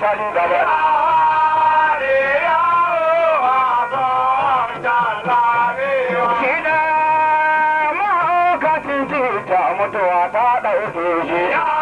Charlie Gabbard. faɗa otoji.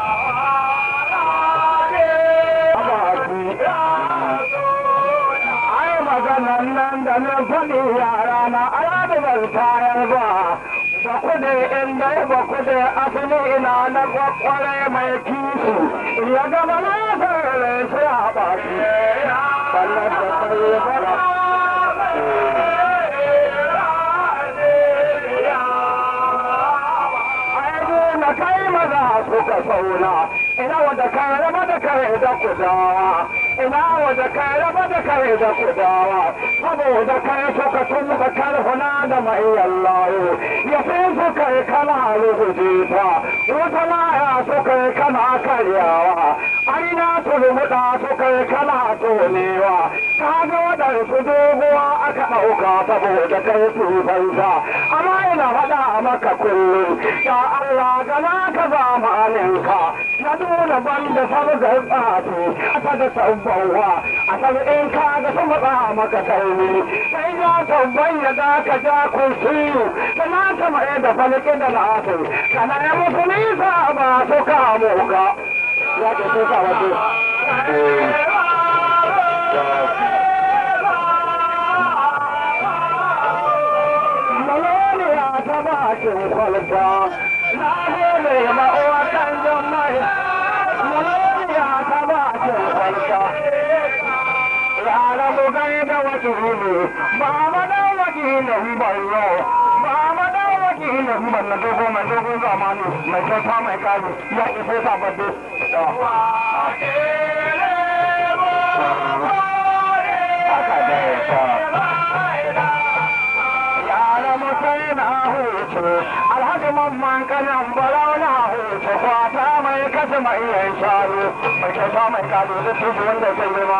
nan nan da na faɗi yara na alaɗi ban tayar ba ba kuɗe inda ya ba kuɗe asali ina na kwakware mai kisu ya gama na sarare sai a baki sannan kai maza suka sauna ina wanda kan rama kare da kudawa ina waje ka raba da kare da kudawa saboda kai suka tun da karfuna da mai yallawo ya fi suka yi kana rubuce ta wata laya suka yi kana karyawa aina turmuda suka yi kana tonewa ka ga waɗansu dogo uka ɗauka saboda kai fansa amma ina fada maka kullum ya Allah na ka zamaninka ya da sabu ga tsafi ta da tabbawa a san in ka ga sun ba maka kaini sai ya tabbai ya za ka ja kursiyu da na ta mai da falƙi da latin kana ya mutu sa ba su kamo ka ya ke so ka wato ಹೋಗಾಯದ ವಕೀಲು ಬಾಮದ ವಕೀಲಂ ಬಲ್ಲೋ ಬಾಮದ ವಕೀಲಂ ಬಲ್ಲ ಜೋಗೋ ಮ ಜೋಗೋ ಜಮಾನು ಮ ಜೋಗೋ ಮ ಕಾಲು ಯಾ ಇಸೆ ಸಾಬದ್ದು alhaji mamman kanan barau na hoto kwata mai kasa mai yan sharo mai kasa mai kalu da tuzu wanda zai yi ma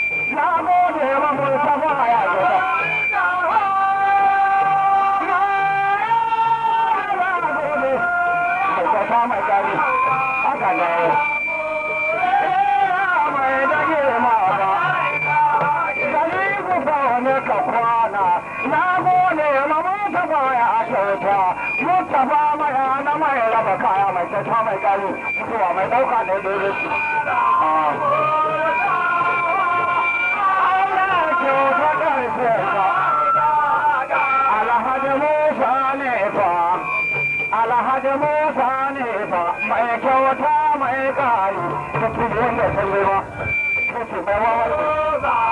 mai kare mutuwa mai dauka da ya mai dore su 开始弯道，开始弯道。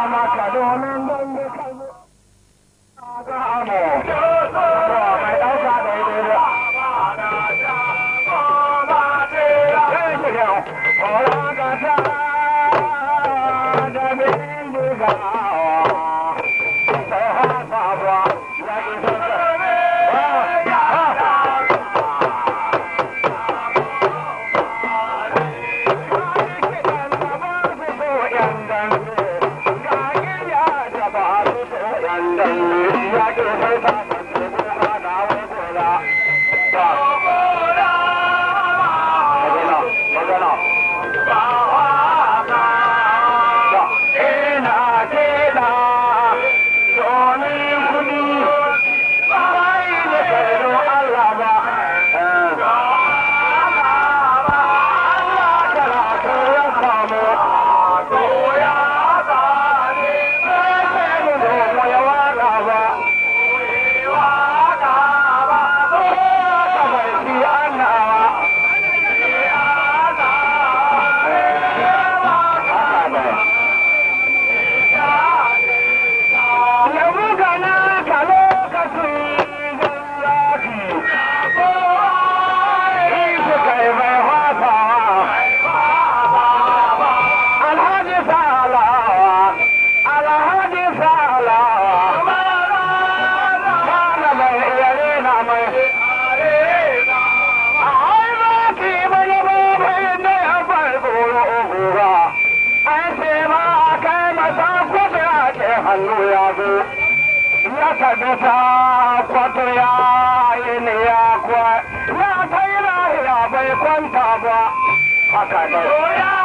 Mama Kadona. 亚洲、非洲、拉丁美怕打我洋洲。छा पताया भई पंथा